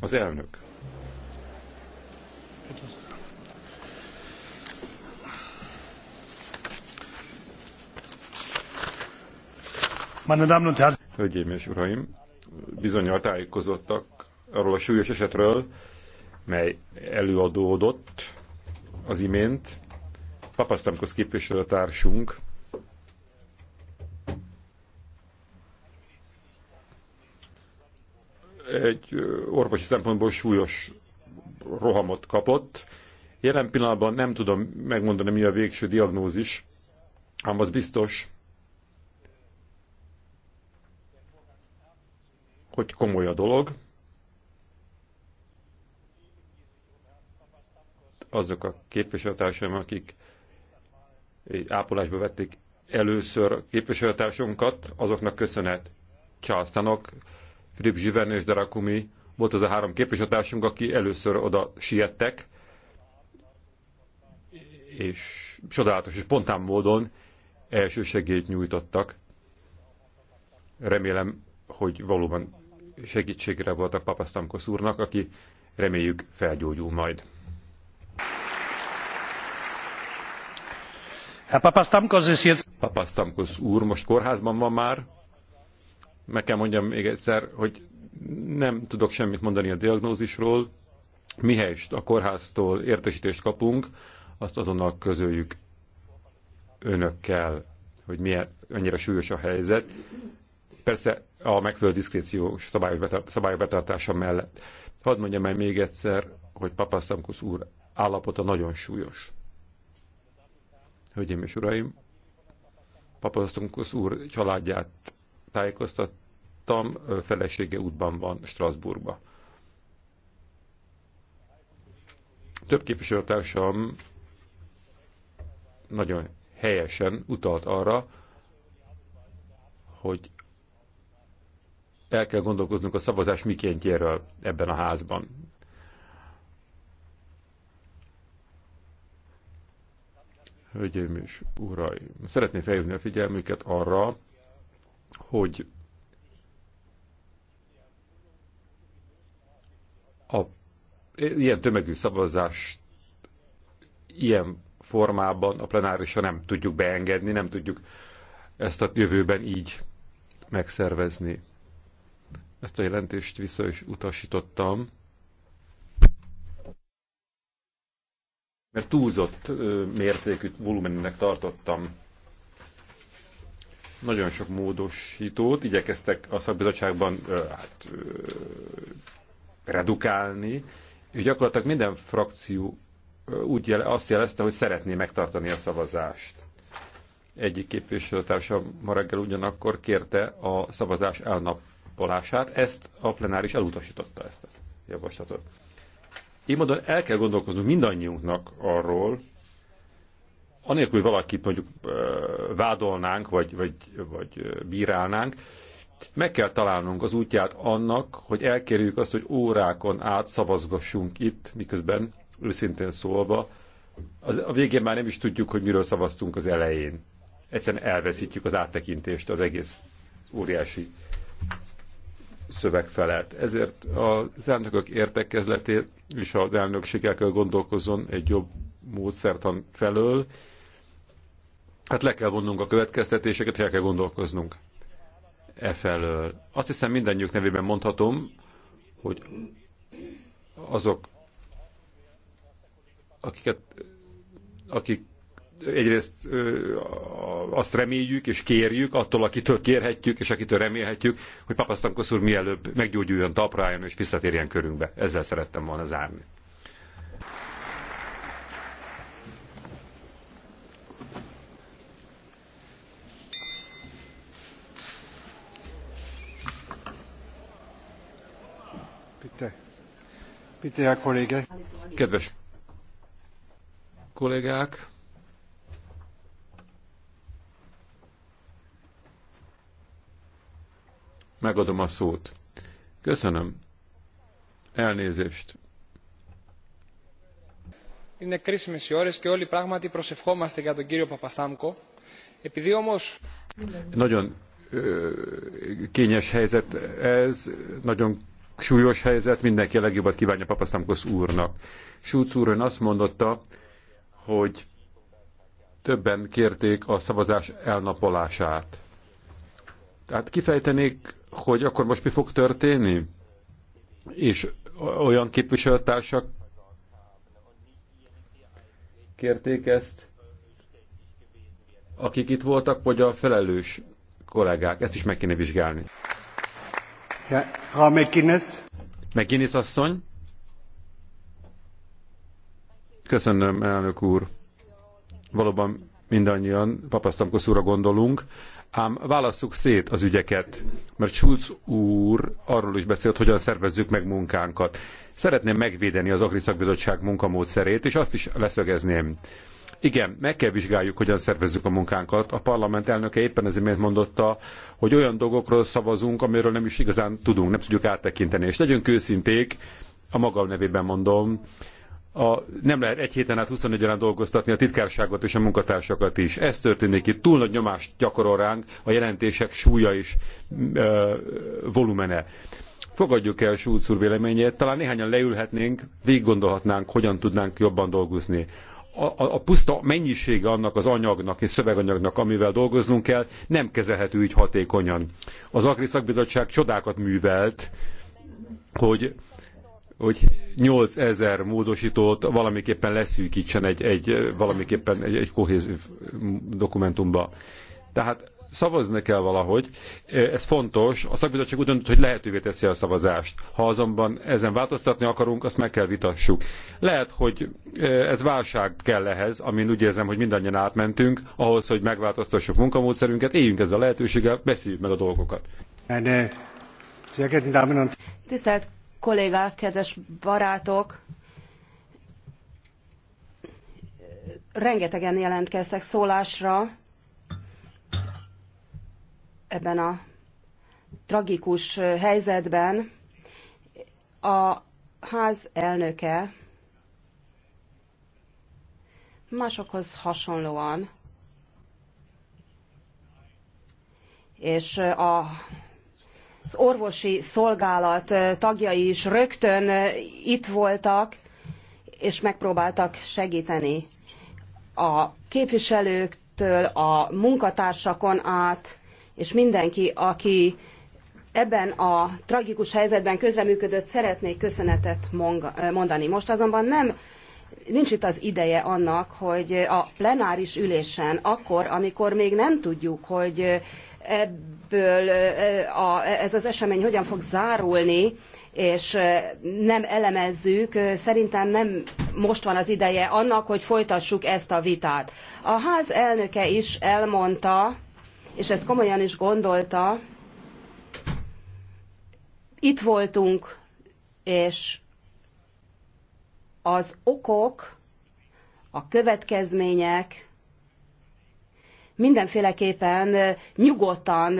Az elnök. Hölgyeim és uraim, bizonyal tájékozottak arról a súlyos esetről, mely előadódott az imént. Papasztamkosz képviselőtársunk egy orvosi szempontból súlyos rohamot kapott. Jelen pillanatban nem tudom megmondani, mi a végső diagnózis, ám az biztos, hogy komoly a dolog. Azok a képviselőtársaim, akik ápolásba vették először képviselőtársunkat, azoknak köszönet. Császtanak, Filip Zsiven és Darakumi volt az a három képviselőtársunk, aki először oda siettek, és csodálatos és spontán módon első segélyt nyújtottak. Remélem, hogy valóban segítségre voltak papasztamkos úrnak, aki reméljük felgyógyul majd. Papasztamkos úr most kórházban van már, meg kell mondjam még egyszer, hogy nem tudok semmit mondani a diagnózisról, mihelyest a kórháztól értesítést kapunk, azt azonnal közöljük önökkel, hogy milyen, annyira súlyos a helyzet. Persze a megfelelő diszkréciós szabályok betartása mellett. Hadd mondjam el még egyszer, hogy Papasztamkusz úr állapota nagyon súlyos. Hölgyeim és uraim, Papasztamkusz úr családját tájékoztattam, felesége útban van Strasbourgba. Több képviselőtársam nagyon helyesen utalt arra, hogy el kell gondolkoznunk a szavazás mikéntjéről ebben a házban. Hölgyeim és uraim, szeretném felhívni a figyelmüket arra, hogy a ilyen tömegű szavazást ilyen formában a plenárisra nem tudjuk beengedni, nem tudjuk ezt a jövőben így megszervezni. Ezt a jelentést vissza is utasítottam, mert túlzott mértékű volumennek tartottam. Nagyon sok módosítót igyekeztek a szakbizottságban hát, redukálni, és gyakorlatilag minden frakció úgy jele, azt jelezte, hogy szeretné megtartani a szavazást. Egyik képviselőtársa ma reggel ugyanakkor kérte a szavazás elnapolását, ezt a plenáris elutasította ezt a javaslatot. Így mondom, el kell gondolkoznunk mindannyiunknak arról, anélkül, hogy valakit mondjuk vádolnánk, vagy, vagy, vagy bírálnánk, meg kell találnunk az útját annak, hogy elkerüljük azt, hogy órákon át szavazgassunk itt, miközben őszintén szólva, az, a végén már nem is tudjuk, hogy miről szavaztunk az elején. Egyszerűen elveszítjük az áttekintést az egész óriási szöveg felett. Ezért az elnökök értekezletét és az elnökséggel kell gondolkozzon egy jobb módszertan felől, hát le kell vonnunk a következtetéseket, el kell gondolkoznunk e felől. Azt hiszem mindannyiuk nevében mondhatom, hogy azok, akiket, akik egyrészt ö, azt reméljük és kérjük attól, akitől kérhetjük és akitől remélhetjük, hogy Papasztankosz úr mielőbb meggyógyuljon, talpra álljon és visszatérjen körünkbe. Ezzel szerettem volna zárni. Kedves kollégák, megadom a szót. Köszönöm. Elnézést. Είναι κρίσιμες οι ώρες και όλοι πράγματι προσευχόμαστε για τον κύριο Παπαστάμκο. Επειδή όμως... Nagyon ö, kényes helyzet ez, nagyon súlyos helyzet, mindenki a legjobbat kívánja Papasztamkosz úrnak. Schulz úr ön azt mondotta, hogy többen kérték a szavazás elnapolását. Tehát kifejtenék, hogy akkor most mi fog történni? És olyan képviselőtársak kérték ezt, akik itt voltak, vagy a felelős kollégák. Ezt is meg kéne vizsgálni. Frau McGuinness. McGuinness asszony. Köszönöm, elnök úr. Valóban mindannyian papasztamkosz gondolunk, ám válasszuk szét az ügyeket, mert Schulz úr arról is beszélt, hogyan szervezzük meg munkánkat. Szeretném megvédeni az Agri Szakbizottság munkamódszerét, és azt is leszögezném, igen, meg kell vizsgáljuk, hogyan szervezzük a munkánkat. A parlament elnöke éppen az imént mondotta, hogy olyan dolgokról szavazunk, amiről nem is igazán tudunk, nem tudjuk áttekinteni. És legyünk őszinték, a magam nevében mondom, a, nem lehet egy héten át 24 órán dolgoztatni a titkárságot és a munkatársakat is. Ez történik itt. Túl nagy nyomást gyakorol ránk a jelentések súlya és e, volumene. Fogadjuk el Schulz úr véleményét, talán néhányan leülhetnénk, végiggondolhatnánk, hogyan tudnánk jobban dolgozni a, a puszta mennyisége annak az anyagnak és szöveganyagnak, amivel dolgoznunk kell, nem kezelhető így hatékonyan. Az Agri Szakbizottság csodákat művelt, hogy hogy 8000 módosítót valamiképpen leszűkítsen egy, egy valamiképpen egy, egy kohézív dokumentumba. Tehát szavazni kell valahogy, ez fontos, a szakbizottság úgy döntött, hogy lehetővé teszi a szavazást. Ha azonban ezen változtatni akarunk, azt meg kell vitassuk. Lehet, hogy ez válság kell ehhez, amin úgy érzem, hogy mindannyian átmentünk, ahhoz, hogy megváltoztassuk munkamódszerünket, éljünk ezzel a lehetőséggel, beszéljük meg a dolgokat. Tisztelt kollégák, kedves barátok! Rengetegen jelentkeztek szólásra, ebben a tragikus helyzetben a ház elnöke másokhoz hasonlóan és a az orvosi szolgálat tagjai is rögtön itt voltak, és megpróbáltak segíteni a képviselőktől, a munkatársakon át, és mindenki, aki ebben a tragikus helyzetben közreműködött, szeretnék köszönetet mondani. Most azonban nem nincs itt az ideje annak, hogy a plenáris ülésen, akkor, amikor még nem tudjuk, hogy ebből a, ez az esemény hogyan fog zárulni, és nem elemezzük, szerintem nem most van az ideje annak, hogy folytassuk ezt a vitát. A ház elnöke is elmondta, és ezt komolyan is gondolta. Itt voltunk, és az okok, a következmények mindenféleképpen nyugodtan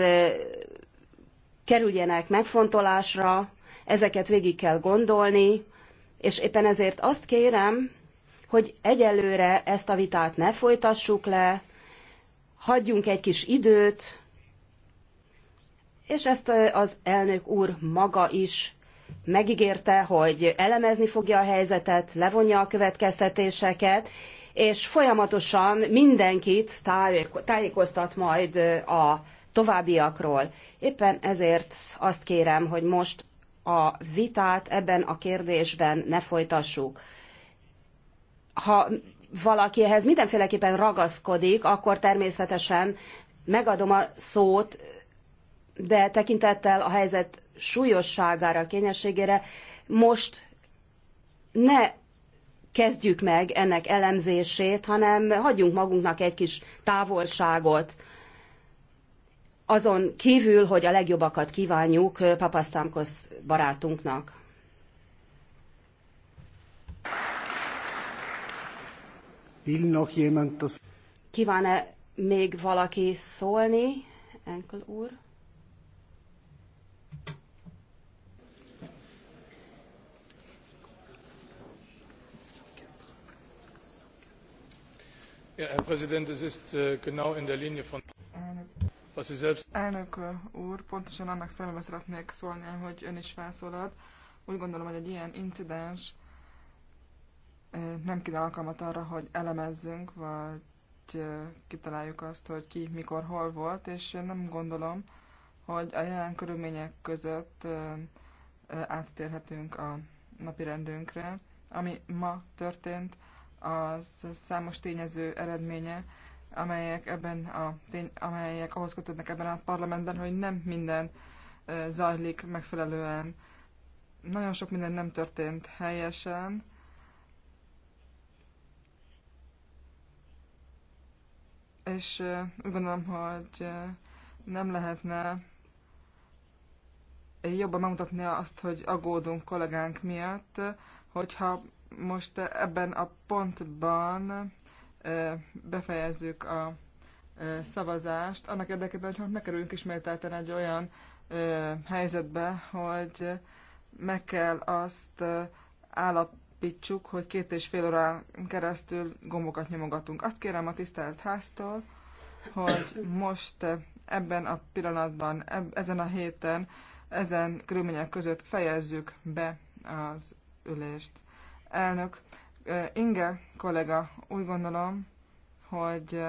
kerüljenek megfontolásra, ezeket végig kell gondolni, és éppen ezért azt kérem, hogy egyelőre ezt a vitát ne folytassuk le, hagyjunk egy kis időt, és ezt az elnök úr maga is megígérte, hogy elemezni fogja a helyzetet, levonja a következtetéseket, és folyamatosan mindenkit tájékoztat majd a továbbiakról. Éppen ezért azt kérem, hogy most a vitát ebben a kérdésben ne folytassuk. Ha valaki ehhez mindenféleképpen ragaszkodik, akkor természetesen megadom a szót, de tekintettel a helyzet súlyosságára, kényességére most ne kezdjük meg ennek elemzését, hanem hagyjunk magunknak egy kis távolságot. Azon kívül, hogy a legjobbakat kívánjuk Papasztámkosz barátunknak. Will noch jemand das... Kíván-e még valaki szólni? Enkel úr. Ja, Herr Präsident, es ist äh, genau in der Linie von... Was Sie selbst... Elnök äh, úr, pontosan annak szemben szeretnék szólni, hogy ön is felszólalt. Úgy gondolom, hogy egy ilyen incidens nem kínál alkalmat arra, hogy elemezzünk, vagy kitaláljuk azt, hogy ki, mikor, hol volt, és nem gondolom, hogy a jelen körülmények között áttérhetünk a napi rendünkre. Ami ma történt, az számos tényező eredménye, amelyek, ebben a, tény, amelyek ahhoz kötődnek ebben a parlamentben, hogy nem minden zajlik megfelelően. Nagyon sok minden nem történt helyesen, és úgy gondolom, hogy nem lehetne jobban megmutatni azt, hogy aggódunk kollégánk miatt, hogyha most ebben a pontban befejezzük a szavazást, annak érdekében, hogy ne kerüljünk ismételten egy olyan helyzetbe, hogy meg kell azt állap, megállapítsuk, hogy két és fél órán keresztül gombokat nyomogatunk. Azt kérem a tisztelt háztól, hogy most ebben a pillanatban, eb- ezen a héten, ezen körülmények között fejezzük be az ülést. Elnök, Inge kollega, úgy gondolom, hogy